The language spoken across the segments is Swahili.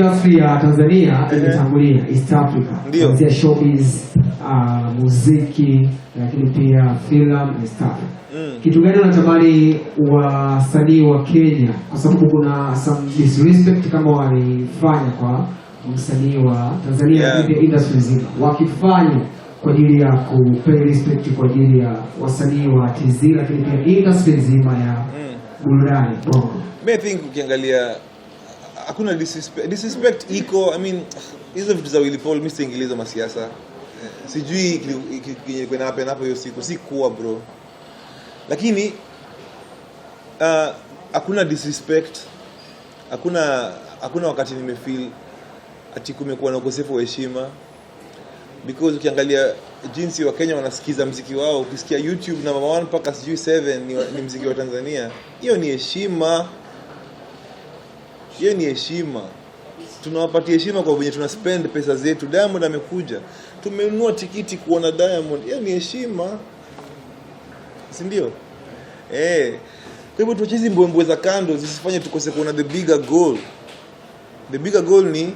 Industry ya Tanzania imetangulia East Africa. Kuanzia showbiz, uh, muziki lakini pia filamu na staff. Mm. Kitu gani unatamani wasanii wa Kenya kwa sababu kuna some disrespect kama walifanya kwa msanii wa Tanzania yeah. Pia industry nzima wakifanya kwa ajili ya kupay respect kwa ajili ya wasanii wa TZ lakini pia industry nzima ya mm. burudani Bongo. Me think ukiangalia hakuna disrespect, disrespect iko i mean hizo vitu za Willy Paul mimi siingilizo masiasa eh, sijui kenye kwenda hapa hapo hiyo siku si kuwa bro lakini uh, hakuna uh, disrespect hakuna hakuna wakati nimefeel ati kumekuwa na ukosefu wa heshima because ukiangalia jinsi wa Kenya wanasikiza mziki wao ukisikia youtube namba 1 mpaka sijui 7 ni, ni mziki wa tanzania hiyo ni heshima hiyo ni heshima. Tunawapatia heshima kwa venye tuna spend pesa zetu. Diamond amekuja, tumenunua tikiti kuona Diamond, hiyo ni heshima, si ndio? Eh, kwa hivyo tuchezi mbwembwe za kando zisifanye tukose kuona the bigger goal. The bigger goal ni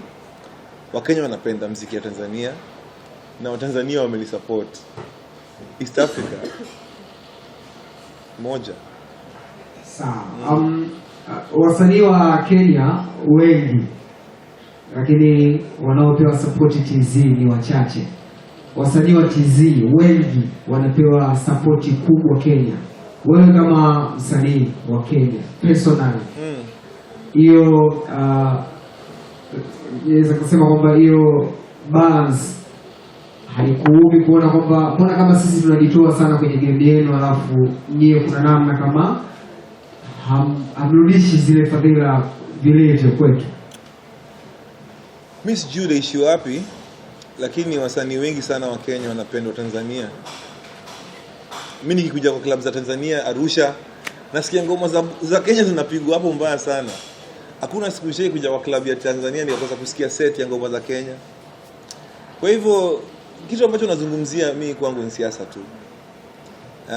Wakenya wanapenda mziki ya Tanzania na Watanzania wamelisupport. East Africa moja. Sawa. Um, wasanii wa Kenya wengi, lakini wanaopewa support TZ ni wachache. Wasanii wa TZ wengi wanapewa sapoti kubwa Kenya. Wewe kama msanii wa Kenya personally, hmm. hiyo mm, naweza uh, kusema kwamba hiyo balance haikuumi kuona kwamba mbona kama sisi tunajitoa sana kwenye game yenu, alafu nyie kuna namna kama hamrudishi zile fadhila vilivyo kwetu. Mi sijui naishi wapi, lakini wasanii wengi sana wa Kenya wanapendwa Tanzania. mi nikikuja kwa klabu za Tanzania, Arusha, nasikia ngoma za, za Kenya zinapigwa hapo mbaya sana. Hakuna siku shei kuja kwa klabu ya Tanzania nikakosa kusikia set ya ngoma za Kenya. Kwa hivyo kitu ambacho nazungumzia mi kwangu ni siasa tu. Uh,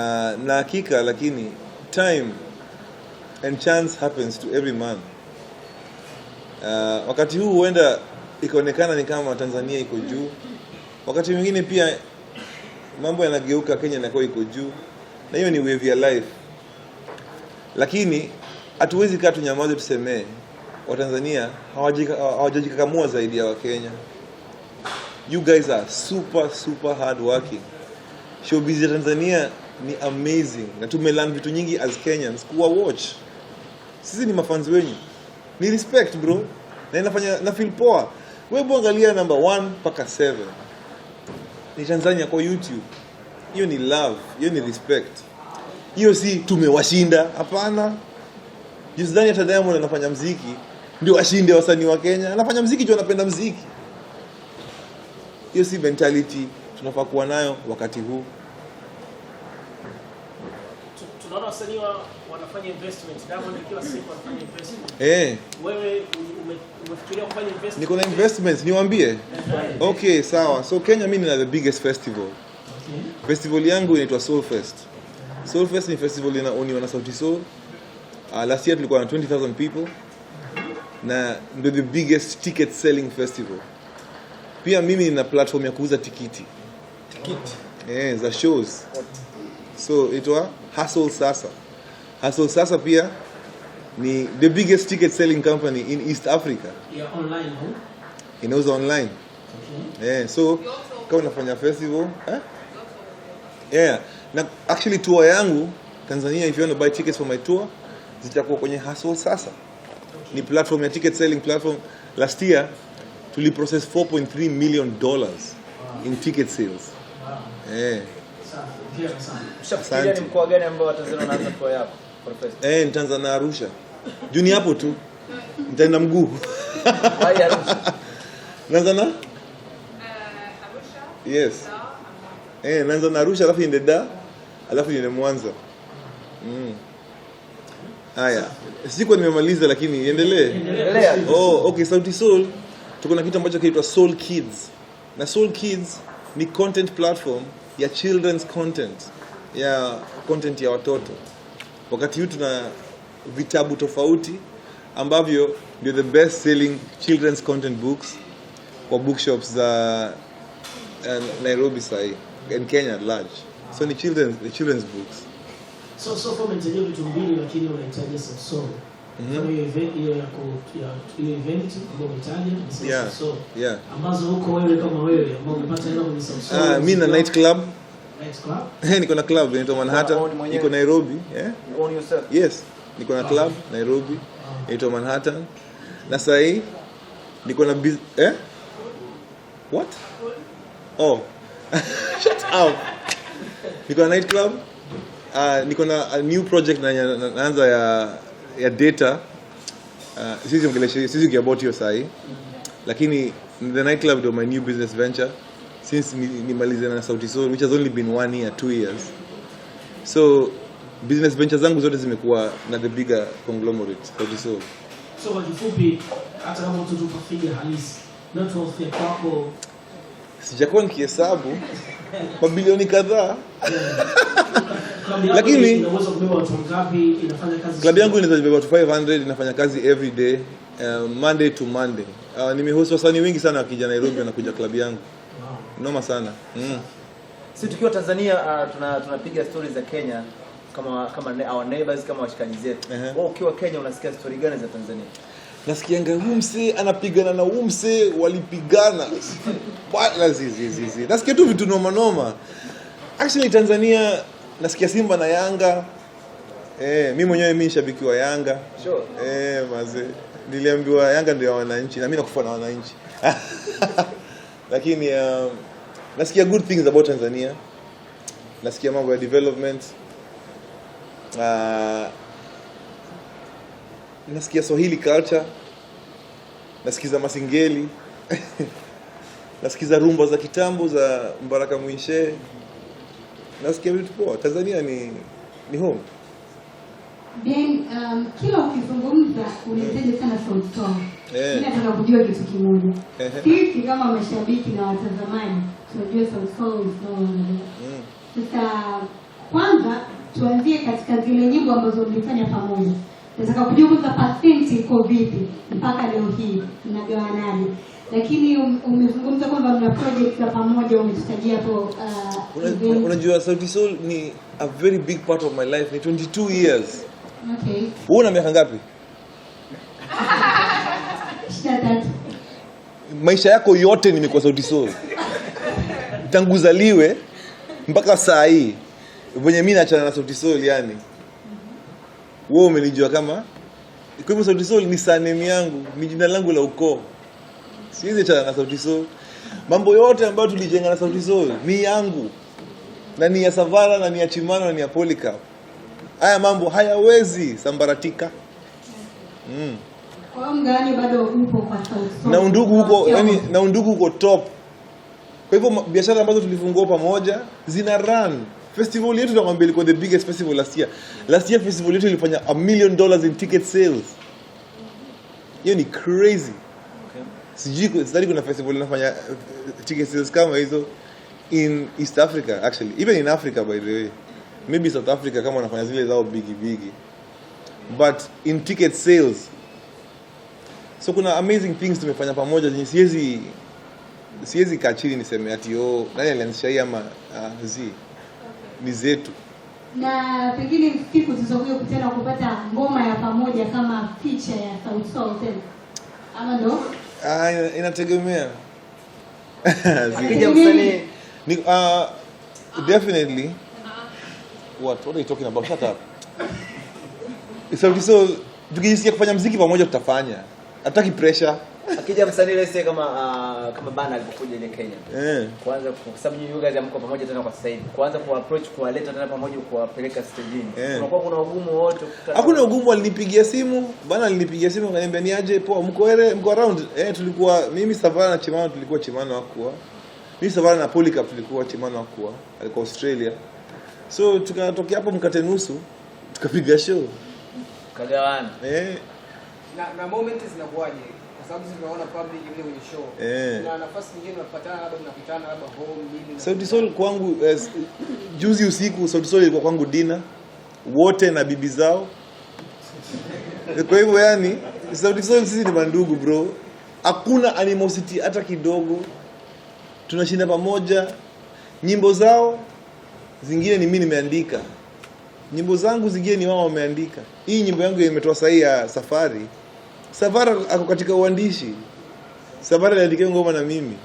na hakika lakini time and chance happens to every man. Uh, wakati huu huenda ikaonekana ni kama Tanzania iko juu, wakati mwingine pia mambo yanageuka, Kenya inakuwa iko juu, na hiyo ni wave ya life. Lakini hatuwezi kaa tunyamaze, tusemee Watanzania hawajajikakamua zaidi ya Wakenya. You guys are super super hard working. Showbiz ya Tanzania ni amazing na tumelearn vitu nyingi as Kenyans kuwa watch sisi ni mafanzi wenyu, ni respect bro, na inafanya na feel poa. Wewe angalia number 1 mpaka 7 ni Tanzania kwa YouTube, hiyo ni love, hiyo ni respect, hiyo si tumewashinda. Hapana, jisdani hata Diamond anafanya mziki ndio ashinde wasanii wa Kenya, anafanya mziki juu anapenda mziki. Hiyo si mentality tunafaa kuwa nayo wakati huu unaona wasanii wanafanya investment. Diamond kila siku anafanya investment. Eh. Wewe umefikiria kufanya investment? Niko na investment, niwaambie. Okay, sawa. So Kenya mimi nina the biggest festival. Okay. Festival yangu inaitwa Soul Fest. Soul Fest ni festival ina inaoniwa wana Sauti Soul. Uh, ah, last year tulikuwa na 20,000 people na ndio the biggest ticket selling festival. Pia mimi nina platform ya kuuza tikiti. Tikiti. Eh, yeah, za shows. What? so itwa Hustle Sasa. Hustle Sasa pia ni the biggest ticket selling company in East Africa. Yeah, online, huh? Inauza online. Okay. Yeah, so kama unafanya festival, eh? Yeah. Na actually tour yangu Tanzania if you want to buy tickets for my tour zitakuwa kwenye Hustle Sasa. Ni platform ya ticket selling platform. Last year tuliprocess 4.3 million dollars wow. in ticket sales. Wow. Yeah. Ushafikiria nitaanza eh, na Arusha. Juni hapo tu. Nitaenda mguu. Naanza na? Eh, yes. Eh, naanza na Arusha alafu niende da alafu niende Mwanza. Mm. Haya. Sikuwa nimemaliza lakini endelee. Oh, okay, Sauti Soul. Tuko na kitu ambacho kinaitwa Soul Kids. Na Soul Kids ni content platform ya children's content ya content ya watoto. Wakati huu tuna vitabu tofauti ambavyo ndio the best selling children's content books kwa bookshops za uh, Nairobi sahi and Kenya at large. So ni children's, the children's books. So, so vitu mbili lakini unahitaji sasa Ah, mi na night club niko na club inaitwa Manhattan, niko Nairobi. Eh? Yes, niko na ah. club Nairobi ah. inaitwa Manhattan, na sahii niko na eh? What? Oh. Shut up. Niko na night club. niko na new project na naanza ya ya data uh, sisi ongelesha sisi about hiyo sahi lakini the night club ndio my new business venture since nimalize ni na Sauti Sol which has only been one year two years so business venture zangu zote zimekuwa na the bigger conglomerate Sauti Sol so kwa kifupi hata kama ututupa figure halisi not all figure kwako sijakuwa nikihesabu mabilioni kadhaa lakini klabu yangu inaweza kubeba watu 500 inafanya kazi every day uh, Monday to Monday. Uh, nimehusu wasanii wengi sana wakija Nairobi wanakuja klabu yangu wow. Noma sana mm. Sisi tukiwa Tanzania uh, tuna tunapiga stories za Kenya kama kama our neighbors kama washikaji zetu. uh -huh. Wao ukiwa Kenya unasikia story gani za Tanzania? Nasikianga huyu msee anapigana na huyu msee walipigana. Bwana zizi zizi. Nasikia tu vitu noma noma. Actually Tanzania nasikia Simba na Yanga eh, mi mwenyewe mi shabiki wa Yanga sure. eh, mazee niliambiwa Yanga ndio ya wananchi na mimi nakufa na wananchi lakini um, nasikia good things about Tanzania, nasikia mambo ya development uh, nasikia Swahili culture, nasikiza masingeli nasikiza rumba za kitambo za Mbaraka Mwinshe nasikia vitu poa. Tanzania ni ni home. Ben, um, kila ukizungumza unahitaji mm. sana sauti tone. Yeah. Mimi nataka kujua kitu kimoja. Sisi kama mashabiki na watazamaji tunajua sauti tone ni mm. Sasa kwanza tuanzie katika zile nyimbo ambazo mlifanya pamoja. Nataka kujua kwanza percent iko vipi mpaka leo hii mnagawanaje? lakini um-, umezungumza kwamba mna project za pamoja, umetutajia hapo. Uh, unajua Sauti Sol ni a very big part of my life, ni 22 years. Okay, wewe una miaka ngapi? maisha yako yote nimekuwa Sauti Sol tangu zaliwe mpaka saa hii venye mi naachana na Sauti Sol, yani wewe umenijua kama kwa hivyo Sauti Sol ni sanemi yangu, ni jina langu la ukoo siwezi chana na Sauti Sol. Mambo yote ambayo tulijenga na Sauti Sol ni yangu na ni ya Savara na ni ya Chimano na ni ya Polycarp. Haya mambo hayawezi sambaratika. Mm. Na undugu huko yani, na undugu huko top. Kwa hivyo biashara ambazo tulifungua pamoja zina run. Festival yetu nakwambia ilikuwa the biggest festival last year. Last year festival yetu ilifanya a million dollars in ticket sales. Hiyo ni crazy sijui sidhani kuna festival inafanya eh, ticket sales kama hizo in East Africa actually even in Africa by the way maybe South Africa kama wanafanya zile zao big big but in ticket sales so kuna amazing things tumefanya pamoja zenye siwezi siwezi kachili chini niseme ati oh, nani alianzisha hii ama uh, zi ni zetu na pengine siku zilizokuja kutana kupata ngoma ya pamoja kama picha ya sauti sauti ama ndo Ah, inategemea. Ni uh, definitely what what are you talking about? Shut up. So, so tukijisikia kufanya mziki pamoja tutafanya. hatutaki pressure. Akija msanii lese kama uh, kama bana alipokuja ile Kenya. Eh. Kwanza kwa sababu nyinyi guys amko pamoja tena kwa sasa hivi. Kwanza kwa approach kuwaleta tena pamoja kuwapeleka stage ni. eh. Unakuwa kuna ugumu wote. Hakuna ugumu, alinipigia simu, bana alinipigia simu akaniambia ni aje poa mko ere mko around. Eh, tulikuwa mimi Savana na Chimano tulikuwa Chimano hakuwa. Mimi Savana na Polycarp tulikuwa Chimano hakuwa. Alikuwa Australia. So tukatokea hapo mkate nusu tukapiga show. Kagawana. Eh. Na na moment zinakuwaje? kwa eh. Sauti kwangu eh, juzi usiku Sauti ilikuwa kwangu dina wote na bibi zao. Kwa hivyo yani, sautisol sisi ni mandugu bro, hakuna animosity hata kidogo, tunashinda pamoja. Nyimbo zao zingine ni mimi nimeandika, nyimbo zangu zingine ni wao wameandika. Hii nyimbo yangu imetoa sahii ya safari Savara ako katika uandishi. Savara aliandika ngoma na mimi,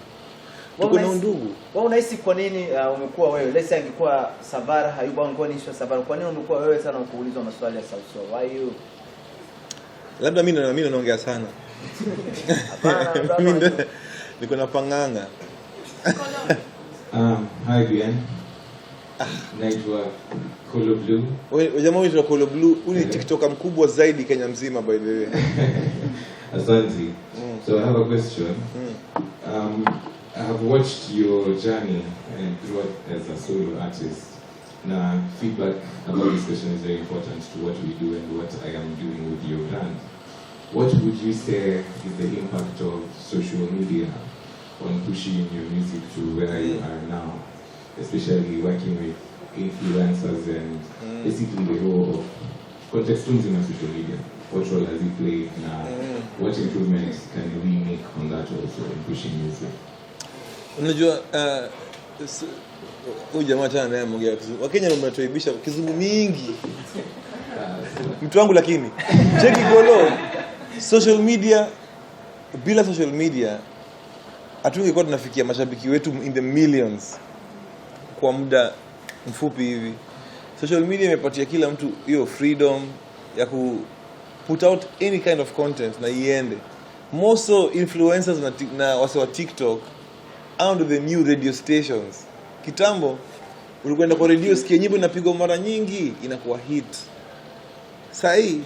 tuko na ndugu. Wewe unahisi kwa nini uh, umekuwa wewe? Let's angekuwa Savara hayupo ngoni sio Savara, kwa nini umekuwa wewe sana ukuulizwa maswali ya Sauti Sol? Why you? Labda mimi na mimi naongea sana. Mimi niko na panganga. Um, hi Bien. Ah. Naitwa Kolo Blue. Wewe jamaa unaitwa Kolo Blue, huyu ni TikToker mkubwa zaidi Kenya mzima by the way. Asante. Mm. So I have a question. Mm. Um, I have watched your journey and eh, growth as a solo artist. Now, feedback about this question is very important to what we do and what I am doing with your brand. What would you say is the impact of social media on pushing your music to where you mm. are now, especially working with influencers and mm. basically the role of context in social media? what role has he played now? Mm. What improvements can we make on that also in pushing music? Uh, huyu jamaa tena naye Kizungu. Wakenya mnatuaibisha Kizungu mingi mtu wangu, lakini cheki golo social media, bila social media hatungekuwa tunafikia mashabiki wetu in the millions kwa muda mfupi hivi. Social media imepatia kila mtu hiyo freedom ya ku put out any kind of content na iende more so influencers na, na wasewa tiktok au the new radio stations kitambo ulikuenda kwa redio sikia nyimbo inapigwa mara nyingi inakuwa hit sahii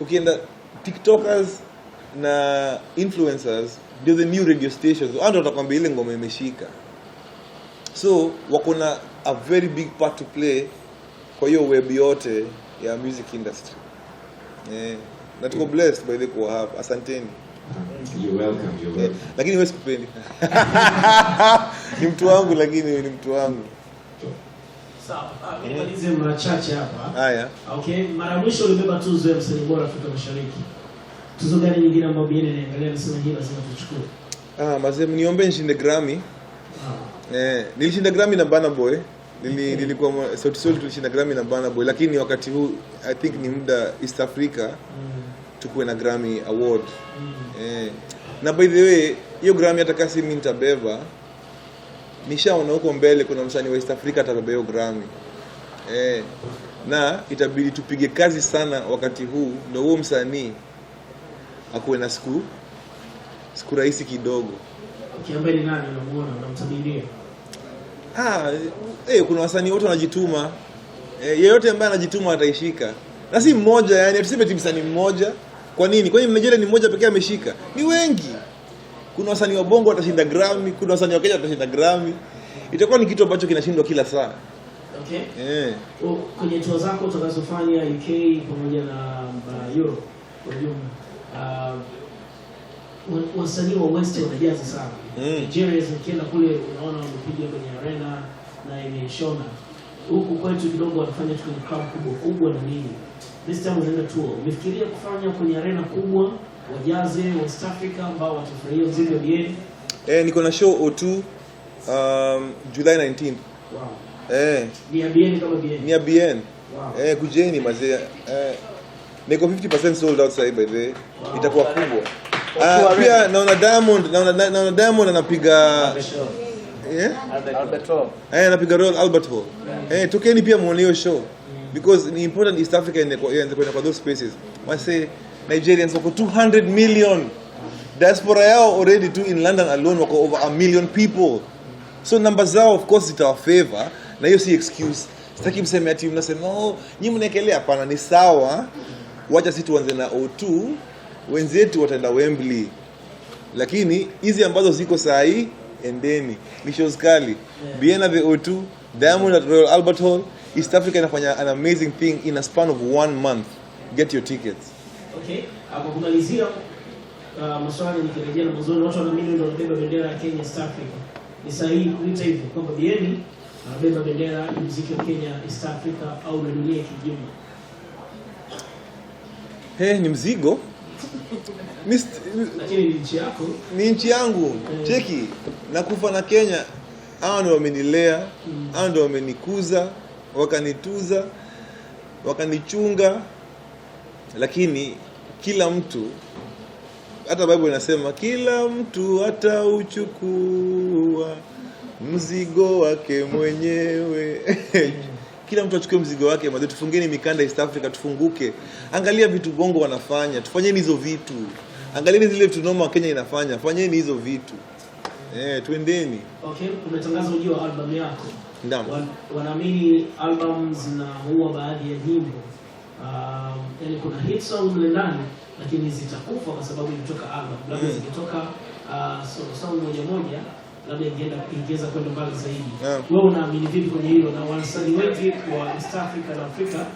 ukienda tiktokers na influencers ndio the new radio stations ando watakwambia ile ngoma imeshika so wako na a very big part to play kwa hiyo web yote ya music industry Eh, na tuko blessed by the kuwa hapa. Asanteni. You're you're eh, welcome. Lakini wewe sikupendi. Ni mtu wangu lakini ni mtu wangu. Sawa. Nimalize ah, mara chache hapa. Haya. Okay, mara mwisho ulibeba tuzo ya msanii bora Afrika Mashariki. Tuzo gani nyingine ambayo Bien anaangalia msema hivi lazima tuchukue? Ah, mazee mniombe nishinde Grammy. Ah. Eh, nilishinda Grammy na Burna Boy nili, nilikuwa sauti Sol tulishinda Grammy na Burna Boy, lakini wakati huu I think ni muda East Africa mm. tukuwe na Grammy award mm. eh, na by the way hiyo Grammy hata kasi mimi nitabeba, nishaona huko mbele kuna msanii wa East Africa atabeba hiyo Grammy eh, na itabidi tupige kazi sana wakati huu ndio huo msanii akuwe na siku siku rahisi kidogo. ni nani unamuona unamtabiria? Ah, eh, kuna wasanii wote wanajituma eh, yeyote ambaye anajituma ataishika na si mmoja yani, tuseme tu msanii mmoja. Kwa nini? Kwani mnajele ni mmoja pekee ameshika? Ni wengi. Kuna wasanii wa Bongo watashinda Grammy, kuna wasanii wa Kenya watashinda Grammy. Itakuwa ni kitu ambacho kinashindwa kila saa. Okay. Eh. Yeah. Oh, kwenye tour zako utakazofanya UK pamoja na uh, Europe kwa jumla. Uh, wasanii wa West wanajaza sana. Mm. Nigeria zikienda kule unaona wamepiga kwenye arena na imeshona. Huku kwetu kidogo wanafanya tu kwenye club kubwa kubwa na nini. This time wanaenda tour. Umefikiria kufanya kwenye arena kubwa wajaze West Africa ambao watafurahia muziki wa bien? Eh, niko na show O2 um, July 19. Wow. Eh. Ni bien kama bien. Ni bien. Wow. Eh, kujeni mazee. Eh, niko 50% sold out sasa by the way. Wow. Itakuwa kubwa. Uh, pia naona Diamond naona naona Diamond anapiga eh Albert Hall eh anapiga Royal Albert Hall eh tokeni pia muone hiyo show because ni important East Africa in the in the kwa those spaces I say Nigerians wako 200 million diaspora yao already tu in London alone wako over a million people so number zao of course it our favor na hiyo si excuse sitaki mseme ati mnasema oh nyinyi mnaekelea hapana ni sawa wacha sisi tuanze na O2 wenzetu wataenda Wembley, lakini hizi ambazo ziko saa hii endeni, ni shows kali yeah. Biena the O2, Diamond at Royal Albert Hall. East Africa inafanya an amazing thing in a span of one month. Get your tickets. Okay, hapo kumalizia uh, maswali nikirejea na mwanzo, watu wanaamini ndio wabeba bendera ya Kenya East Africa. Ni sahihi kuita hivyo kwamba Vienna anabeba bendera ya muziki wa Kenya East Africa au dunia kijumla? Hey, eh, ni mzigo ni nchi yangu cheki, nakufa na Kenya. awa ndo wamenilea, mm. ndo wamenikuza, wakanituza, wakanichunga. Lakini kila mtu, hata Biblia inasema kila mtu atauchukua mzigo wake mwenyewe kila mtu achukue mzigo wake maze, tufungeni mikanda East Africa, tufunguke. Angalia vitu bongo wanafanya, tufanyeni hizo vitu. Angalieni zile vitu noma Kenya inafanya, fanyeni hizo vitu eh, twendeni. Okay, umetangaza ujio wa album yako. Wan, wanaamini albamu zinaua baadhi ya nyimbo Uh, yani kuna hit song mle ndani lakini zitakufa kwa sababu ilitoka album labda hmm, zikitoka uh, so, song moja moja labda ingeenda ingeweza kwenda mbali zaidi. Yeah. Wewe unaamini vipi kwenye hilo na wasanii wengi wa East Africa na Afrika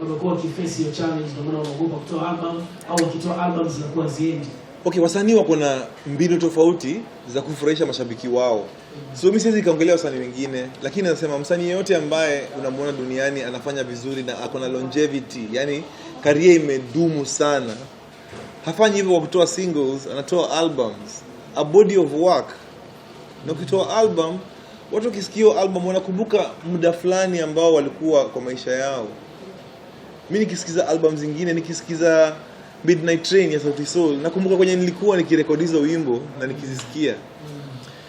wamekuwa wakifesi hiyo challenge maana wanaogopa kutoa album au wakitoa album zinakuwa ziendi. Okay, wasanii wako na mbinu tofauti za kufurahisha mashabiki wao. mm So mimi siwezi kaongelea wasanii wengine, lakini nasema msanii yeyote ambaye unamwona duniani anafanya vizuri na ako na longevity, yani career imedumu sana, hafanyi hivyo kwa kutoa singles, anatoa albums a body of work. Na ukitoa album, watu wakisikia album wanakumbuka muda fulani ambao walikuwa kwa maisha yao. Mimi nikisikiza album zingine, nikisikiza Midnight Train ya Sauti soul nakumbuka kwenye nilikuwa nikirekodiza wimbo na nikizisikia.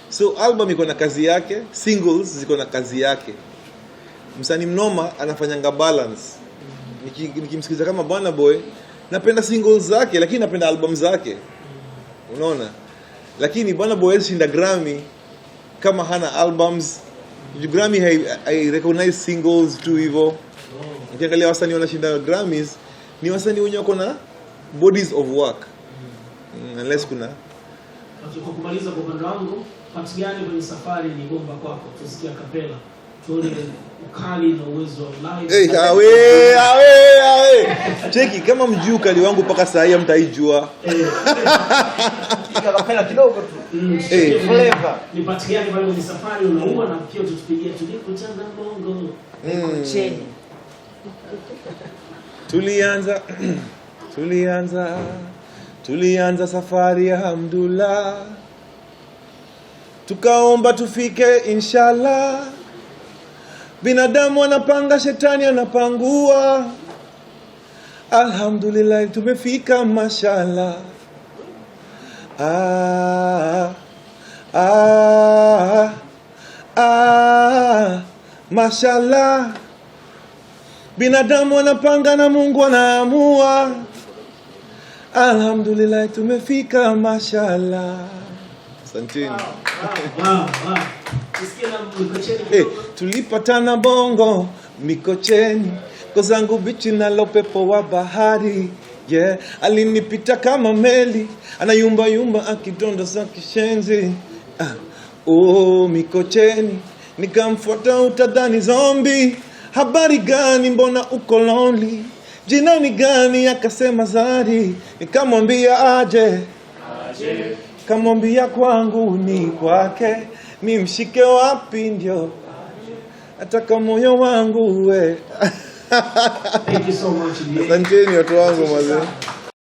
So album iko na kazi yake, singles ziko na kazi yake. Msanii mnoma anafanyanga balance. Nikimsikiliza kama bwana Boy, napenda singles zake lakini napenda album zake. Unaona? Lakini bwana Boyce shinda Grammy kama hana albums. Grammy hai, hai recognize singles tu hivyo. Ukiangalia wasanii wanashinda Grammys ni wasanii wenye wako na bodies of work mm, unless kuna kwa kumaliza kwa upande wangu, part gani kwenye safari ni bomba kwako? Tusikia kapela Hey, awe awe awe. Cheki kama mjui ukali wangu mpaka saa hii mtaijua. Eh. Mm, safari mm. Tulianza tulianza tulianza safari ya hamdulillah, tukaomba tufike inshallah Binadamu anapanga, shetani anapangua. Alhamdulillah, tumefika mashallah. Ah, ah, ah, mashallah. Binadamu anapanga na Mungu anaamua. Alhamdulillah, tumefika mashallah. Asanteni. Hey, eh, tulipatana Bongo Mikocheni, kozangu bichi nalo pepo wa bahari yeah. Alinipita kama meli anayumbayumba akidonda za kishenzi ah, Oh, Mikocheni nikamfuata utadhani zombi. Habari gani, mbona uko lonely? Jina ni gani? Akasema Zari, nikamwambia aje, aje kamwambia kwangu ni kwake, ni mshike wapi? Ndio ataka moyo wangu we. Asanteni watu wangu mazee.